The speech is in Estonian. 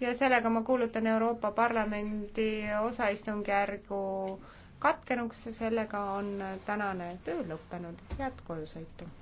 ja sellega ma kuulutan Euroopa Parlamendi osaistungjärgu katkenuks, sellega on tänane töö lõppenud, head kojusõitu!